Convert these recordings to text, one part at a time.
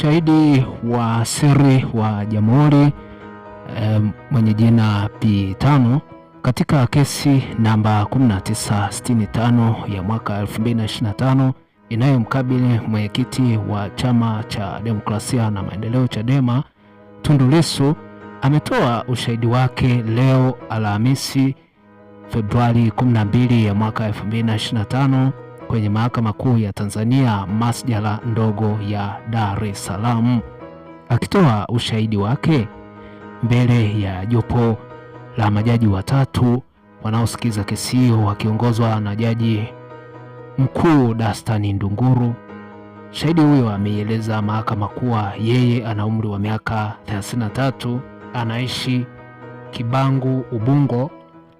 Shahidi wa siri wa jamhuri e, mwenye jina P5 katika kesi namba 1965 ya mwaka 2025 inayomkabili mwenyekiti wa chama cha demokrasia na maendeleo Chadema Tundu Lissu ametoa ushahidi wake leo Alhamisi Februari 12 ya mwaka 2025 kwenye Mahakama Kuu ya Tanzania masjala ndogo ya Dar es Salaam akitoa ushahidi wake mbele ya jopo la majaji watatu wanaosikiza kesi hiyo wakiongozwa na Jaji Mkuu Dastan Ndunguru. Shahidi huyo ameieleza mahakama kuwa yeye ana umri wa miaka 33, anaishi Kibangu Ubungo,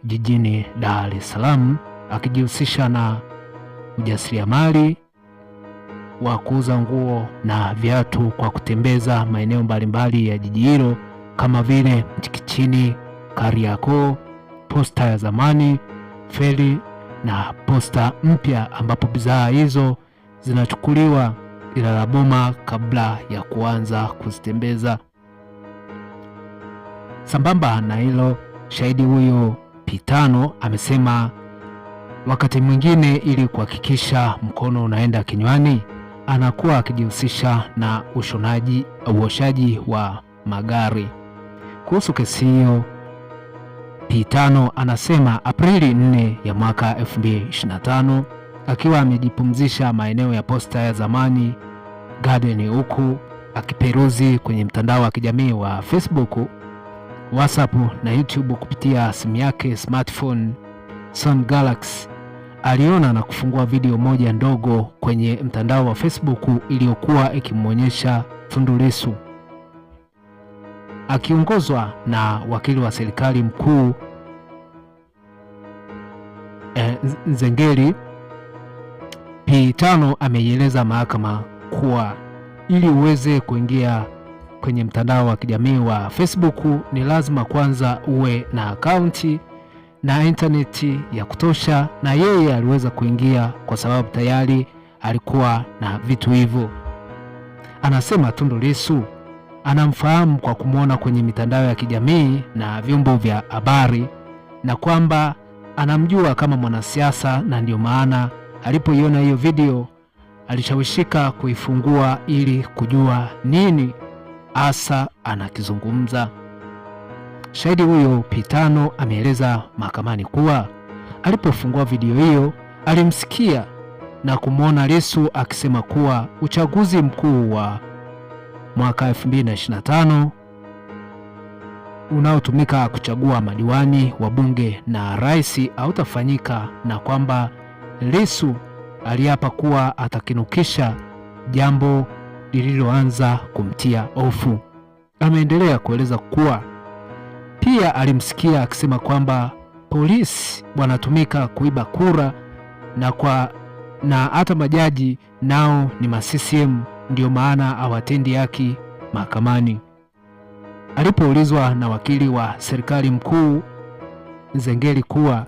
jijini Dar es Salaam, akijihusisha na ujasiriamali wa kuuza nguo na viatu kwa kutembeza maeneo mbalimbali ya jiji hilo kama vile Mchikichini, Kariakoo, posta ya zamani, feri na posta mpya, ambapo bidhaa hizo zinachukuliwa Ilala Boma kabla ya kuanza kuzitembeza. Sambamba na hilo, shahidi huyo Pitano amesema Wakati mwingine, ili kuhakikisha mkono unaenda kinywani, anakuwa akijihusisha na ushonaji, uoshaji wa magari. Kuhusu kesi hiyo, Pitano anasema Aprili 4 ya mwaka 2025 akiwa amejipumzisha maeneo ya posta ya zamani Garden, huku akiperuzi kwenye mtandao wa kijamii wa Facebook, WhatsApp na YouTube kupitia simu yake smartphone Sun Galaxy aliona na kufungua video moja ndogo kwenye mtandao wa Facebook iliyokuwa ikimwonyesha Tundu Lissu akiongozwa na wakili wa serikali mkuu e, Nzengeli P5 ameieleza mahakama kuwa ili uweze kuingia kwenye mtandao wa kijamii wa Facebook ni lazima kwanza uwe na akaunti na intaneti ya kutosha, na yeye aliweza kuingia kwa sababu tayari alikuwa na vitu hivyo. Anasema Tundu Lissu anamfahamu kwa kumwona kwenye mitandao ya kijamii na vyombo vya habari, na kwamba anamjua kama mwanasiasa, na ndiyo maana alipoiona hiyo video alishawishika kuifungua ili kujua nini hasa anakizungumza. Shahidi huyo Pitano ameeleza mahakamani kuwa alipofungua video hiyo alimsikia na kumwona Lissu akisema kuwa uchaguzi mkuu wa mwaka 2025 unaotumika kuchagua madiwani wa bunge na rais hautafanyika na kwamba Lissu aliapa kuwa atakinukisha, jambo lililoanza kumtia hofu. Ameendelea kueleza kuwa pia alimsikia akisema kwamba polisi wanatumika kuiba kura na kwa na hata majaji nao ni ma CCM, ndio maana hawatendi haki mahakamani. Alipoulizwa na wakili wa serikali mkuu Nzengeli kuwa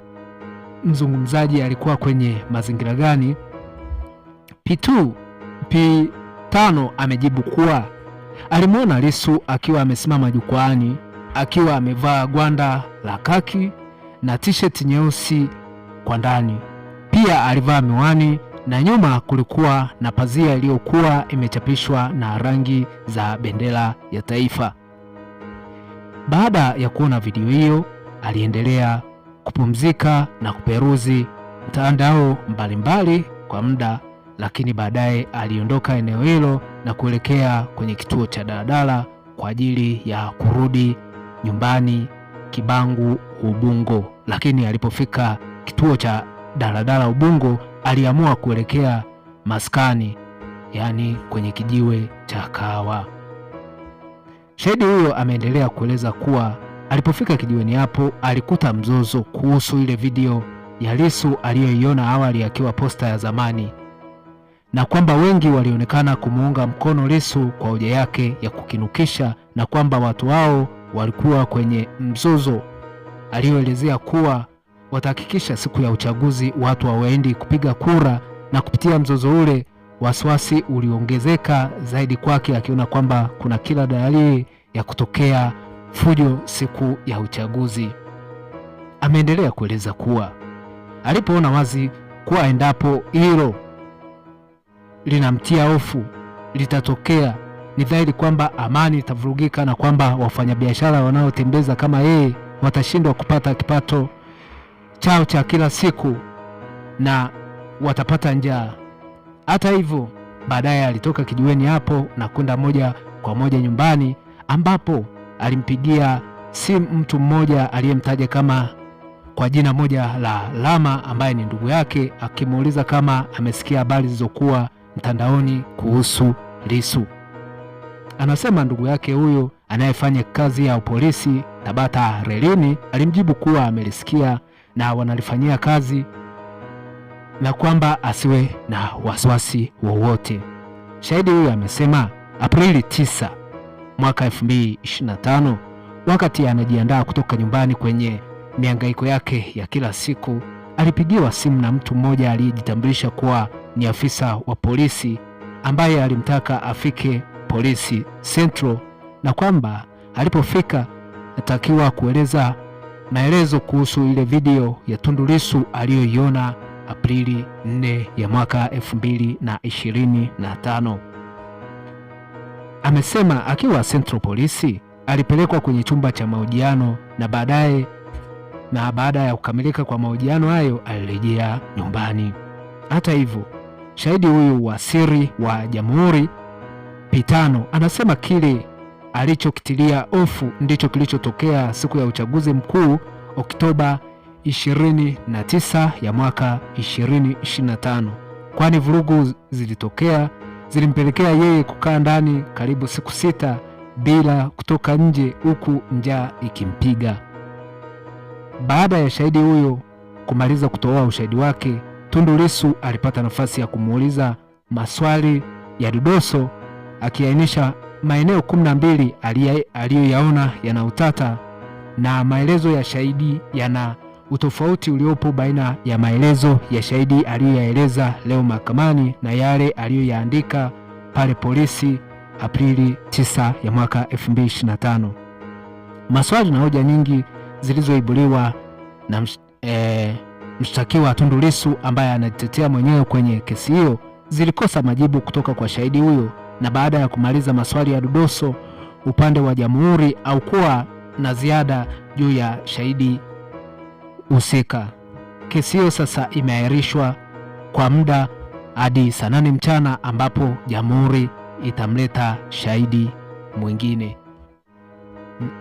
mzungumzaji alikuwa kwenye mazingira gani, P2 P5 amejibu kuwa alimwona Lissu akiwa amesimama jukwaani akiwa amevaa gwanda la kaki na tisheti nyeusi kwa ndani. Pia alivaa miwani na nyuma kulikuwa na pazia iliyokuwa imechapishwa na rangi za bendera ya taifa. Baada ya kuona video hiyo, aliendelea kupumzika na kuperuzi mtandao mbalimbali kwa muda, lakini baadaye aliondoka eneo hilo na kuelekea kwenye kituo cha daladala kwa ajili ya kurudi nyumbani Kibangu Ubungo, lakini alipofika kituo cha daladala Ubungo aliamua kuelekea maskani, yaani kwenye kijiwe cha kahawa. Shahidi huyo ameendelea kueleza kuwa alipofika kijiweni hapo alikuta mzozo kuhusu ile video ya Lissu aliyoiona awali akiwa posta ya zamani, na kwamba wengi walionekana kumuunga mkono Lissu kwa hoja yake ya kukinukisha na kwamba watu wao walikuwa kwenye mzozo, aliyoelezea kuwa watahakikisha siku ya uchaguzi watu hawaendi kupiga kura, na kupitia mzozo ule wasiwasi uliongezeka zaidi kwake, akiona kwamba kuna kila dalili ya kutokea fujo siku ya uchaguzi. Ameendelea kueleza kuwa alipoona wazi kuwa endapo hilo linamtia hofu litatokea ni dhahiri kwamba amani itavurugika na kwamba wafanyabiashara wanaotembeza kama yeye watashindwa kupata kipato chao cha kila siku na watapata njaa. Hata hivyo, baadaye alitoka kijiweni hapo na kwenda moja kwa moja nyumbani ambapo alimpigia simu mtu mmoja aliyemtaja kama kwa jina moja la Lama ambaye ni ndugu yake, akimuuliza kama amesikia habari zilizokuwa mtandaoni kuhusu Lissu. Anasema ndugu yake huyu anayefanya kazi ya polisi Tabata Relini alimjibu kuwa amelisikia na wanalifanyia kazi na kwamba asiwe na wasiwasi wowote. Shahidi huyu amesema Aprili 9 mwaka 2025 wakati anajiandaa kutoka nyumbani kwenye miangaiko yake ya kila siku, alipigiwa simu na mtu mmoja aliyejitambulisha kuwa ni afisa wa polisi ambaye alimtaka afike polisi Central, na kwamba alipofika atakiwa kueleza maelezo kuhusu ile video ya Tundu Lissu aliyoiona Aprili 4 ya mwaka 2025. Amesema akiwa Central Polisi alipelekwa kwenye chumba cha mahojiano na baadaye na baada ya kukamilika kwa mahojiano hayo alirejea nyumbani. Hata hivyo, shahidi huyu wa siri wa jamhuri Pitano anasema kile alichokitilia hofu ndicho kilichotokea siku ya uchaguzi mkuu Oktoba 29 ya mwaka 2025, kwani vurugu zilitokea zilimpelekea yeye kukaa ndani karibu siku sita bila kutoka nje, huku njaa ikimpiga. Baada ya shahidi huyo kumaliza kutoa ushahidi wake, Tundu Lissu alipata nafasi ya kumuuliza maswali ya dodoso akiainisha maeneo kumi mbili aliyoyaona yana utata na maelezo ya shahidi yana utofauti uliopo baina ya maelezo ya shahidi aliyoyaeleza leo mahakamani na yale aliyoyaandika pale polisi Aprili 9 ya mwaka 2025. Maswali na hoja nyingi zilizoibuliwa na e, mshtakiwa Tundu Lissu ambaye anajitetea mwenyewe kwenye kesi hiyo zilikosa majibu kutoka kwa shahidi huyo na baada ya kumaliza maswali ya dodoso, upande wa jamhuri kuwa na ziada juu ya shahidi husika. Kesi hiyo sasa imeahirishwa kwa muda hadi saa nane mchana ambapo jamhuri itamleta shahidi mwingine.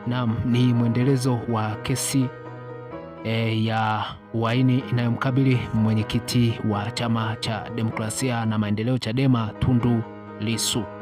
Naam, ni mwendelezo wa kesi e, ya uhaini inayomkabili mwenyekiti wa Chama cha Demokrasia na Maendeleo, Chadema, Tundu lhe